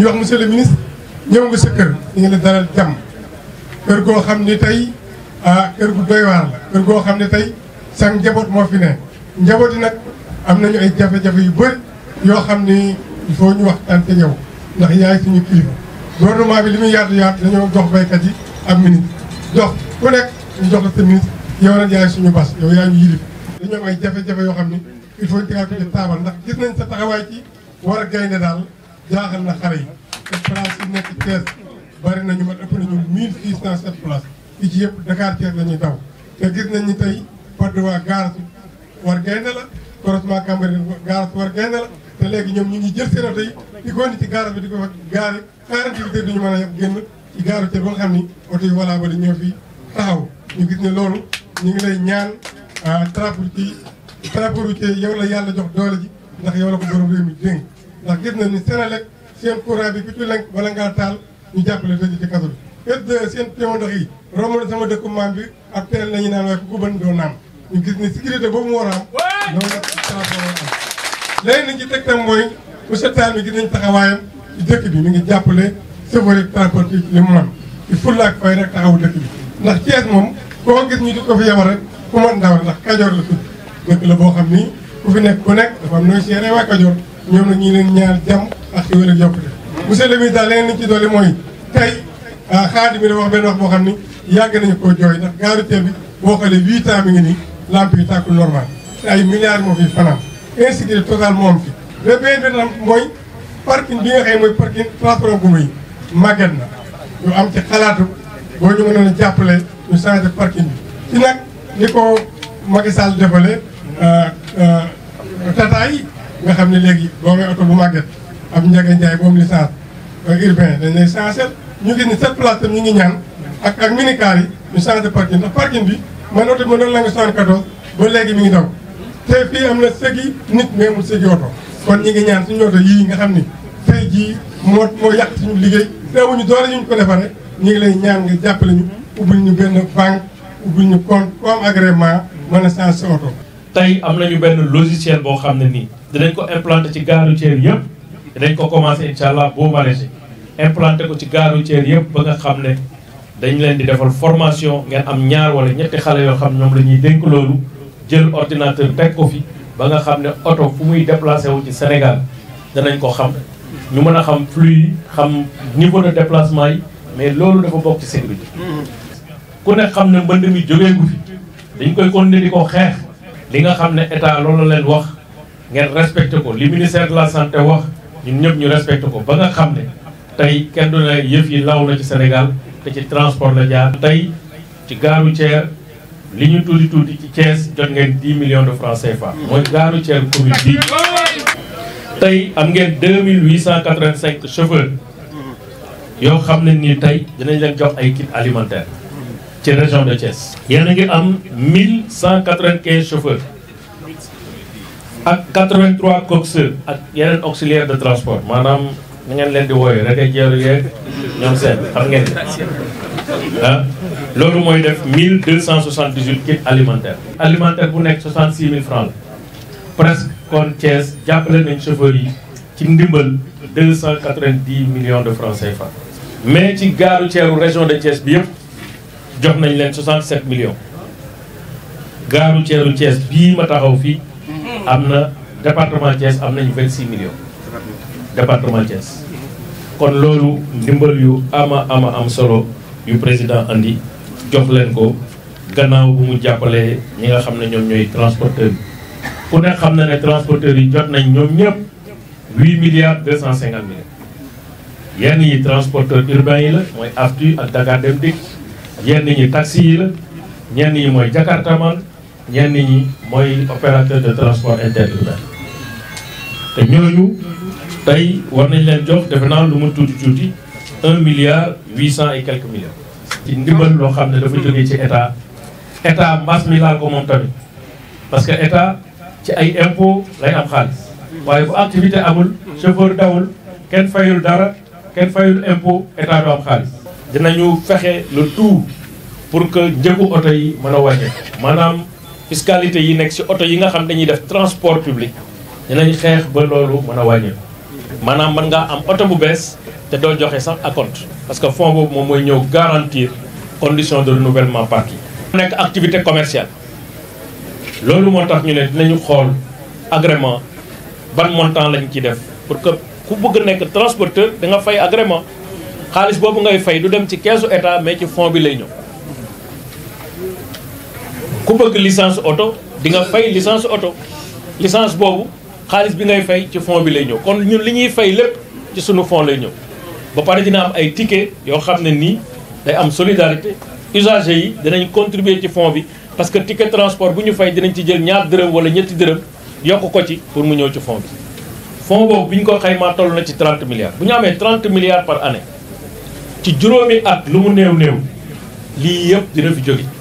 ñu wax monsieur le ministre ñëw nga sa kër ñu ngi la dalal jàmm kër goo xam ni tey ah kër gu doy waar la kër goo xam ne tey sa njaboot moo fi ne njaboot yi nag am nañu ay jafe-jafe yu bëri yoo xam ni il faut ñu waxtaan te ñëw ndax yaay suñu kilifa gouvernement bi li muy yaatu yaatu dañoo jox baykat yi ak ministre jox ku nekk ñu yow nag yaay suñu bas yow yaa dañoo am ay yoo xam ni il faut ko ci taabal ndax gis nañ sa taxawaay ci war a gaynde daal jaaxal na xale yi te place yi nekk Thiès bari nañu mat ëpp nañu mille six cent sept place yi ci yëpp Dakar Thiès la ñuy daw te gis nañ ni tey Patte d'Oie gaar war gaynde la croisement Cambérène gaar war gaynde la te léegi ñoom ñu ngi jël seen oto yi di ko indi ci gaar di ko fa gaare carrément duñu mën a génn ci gaaru Thiès ba nga xam ni oto yi walla bali ñoo fi taxaw ñu gis ni loolu ñu ngi lay ñaan transport ah, ci transport routier yow la yàlla jox doole ji ndax yow la ko borom réew mi ndax gis na ni Senelec seen courant bi ku ci lenk bala ngaa taal ñu jàppale tëj ci kaso bi. SDE seen pion ndox yi romb na sama dëkku maam bi ak teel nañu naan waaye ku ko bën doo naan ñu gis ni sécurité boobu mu war a am loolu nag changement am. léegi li ci teg tam mooy monsieur Tall mi gis nañ taxawaayam ci dëkk bi mi ngi jàppale chauffeur transport bi li mu mën ci fulla ak fay rek taxawu dëkk bi ndax Thiès moom koo gis ñu di ko fi yabal ku mën ndaw ndax Kajoor la tudd dëkk la boo xam ni ku fi nekk ku nekk dafa am nooy seeree waa ñoom nag ñu leen ñaar jàmm ak xéwal ak yokkute monsieur le ministre leneen li ñu ci dolli mooy tey ah, xaadi mi da wax benn wax boo xam ni yàgg nañu koo jooy ndax gaaru teel bi boo xoolee huit ans mi ngi nii lamp yi tàkkul normal te ay milliards moo fi moo am mooy parking bi nga xëy mooy parking transport am ci xalaatu boo ñu mënoon a jàppale ñu parking bi ci nag ni ko Macky Sall defalee ah, ah, tataay nga xam ne léegi doomi oto bu màgget am njaga njaay boobu licence euh, urbain dañ lay changé ñu ngi ni sept place tam ñu ngi ñaan ak ak minicar yi changé parking ndax parking bi man oto bi ma doon la nga 74 ba léegi mi ngi daw te fii am na sëgi nit mais amul sëgi oto kon ñu ngi ñaan suñu oto yii nga xam ni jii moo moo yàq suñu liggéey teewuñu doole ñu ko defaree ñu ngi lay ñaan nga jàppale ñu ubbil ñu benn banque ubbil ñu compte comme agrément mën a changé tey am nañu benn logiciel boo xam ne nii dinañ ko implanté ci gare routière yëpp dinañ ko commencé incha allah boo maraîcher implanté ko ci gare routière yëpp ba nga xam ne dañ leen di defal formation ngeen am ñaar wala ñetti xale yoo xam ñoom la ñuy dénk loolu jël ordinateur teg ko fi ba nga xam ne oto fu muy déplacé wu ci Sénégal danañ ko xam ñu mën a xam flux yi xam niveau de déplacement yi mais loolu dafa bokk ci sécurité ku ne xam ne mbënd mi jógeegu fi dañ koy continuer di ko xeex li nga xam ne état loolu leen wax ngeen respecté ko li ministère la santé wax ñu ñëpp ñu respecté ko ba nga xam ne tey kenn du ne yëf yi law na ci Sénégal te ci transport la jaar. tey ci gaaru Thier li ñu tuuti tuuti ci Thiès jot ngeen 10 millions de francs CFA. mooy gaaru Thier commune bi tey am ngeen 2885 chauffeurs yoo xam ne nii tey dinañ leen jox ay kit alimentaire ci région de Thiès. yéen a ngi am 1195 chauffeurs. ak 83 coxeur ak yeneen auxiliaire de transport maanaam na ngeen leen di wooyee a jeeru yeeg ñoom seen xam ngeen ah loolu mooy def 1278 kits alimentaire alimentaire bu nekk 66 000 francs la presque kon Thiès jàppale nañ chauffeurs yi ci ndimbal 290 millions de francs fa mais ci gaaru ceeru région de Thiès bi yëpp jox nañ leen 67 millions gaaru ceeru Thiès bii fii amna eh, département Thiès amna nañu vingt millions département Thiès kon lolu ndimbal yu ama ama am solo yu président andi jox len ko gannaaw bu mu jappalé ñi nga xamné ñom ñoy transporteur ku ne xamné né transporteur yi jot nañ ñom ñep 8 milliards 250 millions yenn yi transporteur urbain yi la moy AFTU ak Dakar Dem dik yenn yi taxi yi la ñenn yi jakarta man ñenn ñi mooy opérateur de transport interurbain te ñooñu tey war nañ leen jox defe naa lu mu tuuti tuuti un milliard huit cent et quelques millions ci ndimbal loo xam ne dafa jóge ci état état mbas mi laal ko moom tamit parce que état ci ay impôt lay am xaalis waaye bu activité amul chauffeur dawul kenn fayul dara kenn fayul impôt état du am xaalis dinañu fexe le tout pour que njëgu oto yi mën a wàññeeku maanaam fiscalité yi nek ci auto yi nga xam dañuy def transport public dinañ xex ba lolu mëna wañu manam man nga am auto bu bes te do joxe sax compte parce que fonds boobu mom moy ñëw garantir condition de renouvellement parti nek activité commerciale lolu motax ñu ne dinañ xol agrément ban montant lañ ci def pour que ku bëgg nek transporteur da nga fay agrément xaliss bobu ngay fay du dem ci caisse état mais ci fonds bi lay ñëw. ku bëgg licence oto dinga nga fay licence oto licence boobu xaalis bi ngay fay ci fond bi lay ñëw kon ñun li ñuy fay lépp ci sunu fond lay ñëw ba pare dina am ay ticket yoo xam ne nii day am solidarité usagers yi dinañ contribuer ci fond bi parce que ticket transport bu ñu fay dinañ ci jël ñaar dërëm wala ñetti dërëm yokk ko ci pour mu ñëw ci fond bi fond boobu bi ñu ko xaymaa toll na ci 30 milliards bu ñu amee 30 milliards par année ci juróomi at lu mu néew néew lii yëpp dina fi jóge